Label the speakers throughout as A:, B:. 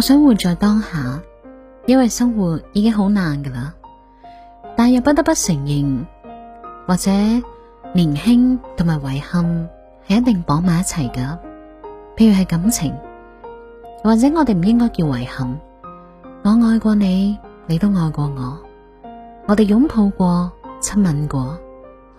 A: 我想活在當下，因為生活已經好難噶啦。但又不得不承認，或者年輕同埋遺憾係一定綁埋一齊噶。譬如係感情，或者我哋唔應該叫遺憾。我愛過你，你都愛過我。我哋擁抱過，親吻過，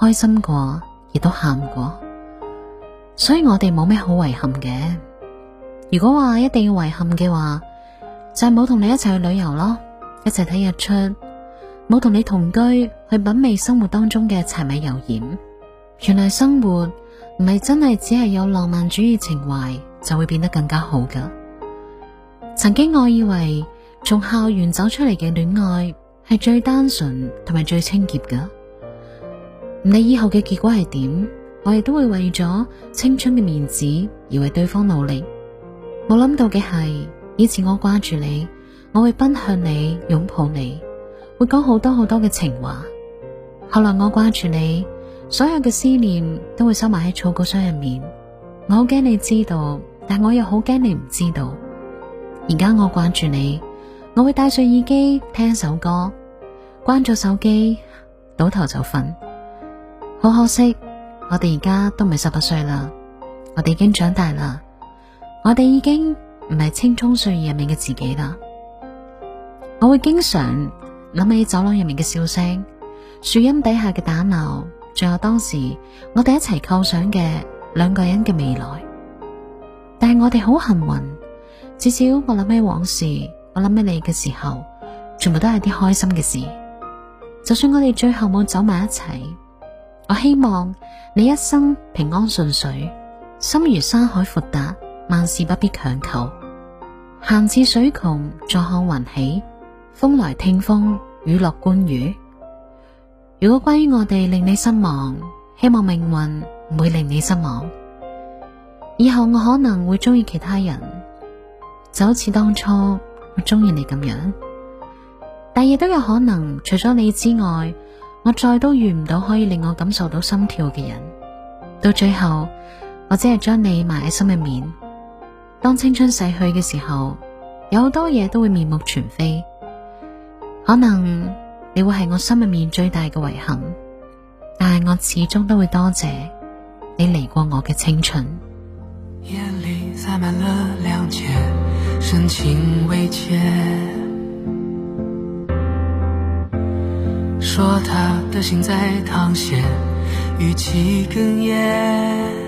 A: 開心過，亦都喊過。所以我哋冇咩好遺憾嘅。如果話一定要遺憾嘅話，就冇同你一齊去旅遊咯，一齊睇日出，冇同你同居去品味生活當中嘅柴米油鹽。原來生活唔係真係只係有浪漫主義情懷就會變得更加好噶。曾經我以為從校園走出嚟嘅戀愛係最單純同埋最清潔噶。你以後嘅結果係點，我亦都會為咗青春嘅面子而為對方努力。冇諗到嘅係。以前我掛住你，我會奔向你，擁抱你，會講好多好多嘅情話。後來我掛住你，所有嘅思念都會收埋喺草稿箱入面。我好驚你知道，但我又好驚你唔知道。而家我掛住你，我會戴上耳機聽一首歌，關咗手機，倒頭就瞓。好可惜，我哋而家都未十八歲啦，我哋已經長大啦，我哋已經。唔係青蔥歲月入面嘅自己啦，我會經常諗起走廊入面嘅笑聲，樹蔭底下嘅打鬧，仲有當時我哋一齊構想嘅兩個人嘅未來。但係我哋好幸運，至少我諗起往事，我諗起你嘅時候，全部都係啲開心嘅事。就算我哋最後冇走埋一齊，我希望你一生平安順遂，心如山海闊達，萬事不必強求。行至水窮，坐看雲起；風來聽風，雨落觀雨。如果關於我哋令你失望，希望命運唔會令你失望。以後我可能會中意其他人，就好似當初我中意你咁樣。但亦都有可能，除咗你之外，我再都遇唔到可以令我感受到心跳嘅人。到最後，我只係將你埋喺心入面。當青春逝去嘅時候，有好多嘢都會面目全非。可能你會係我心入面最大嘅遺憾，但係我始終都會多謝你嚟過我嘅青春。
B: 眼裏灑滿了諒解深情未切說他的心在淌血與其哽咽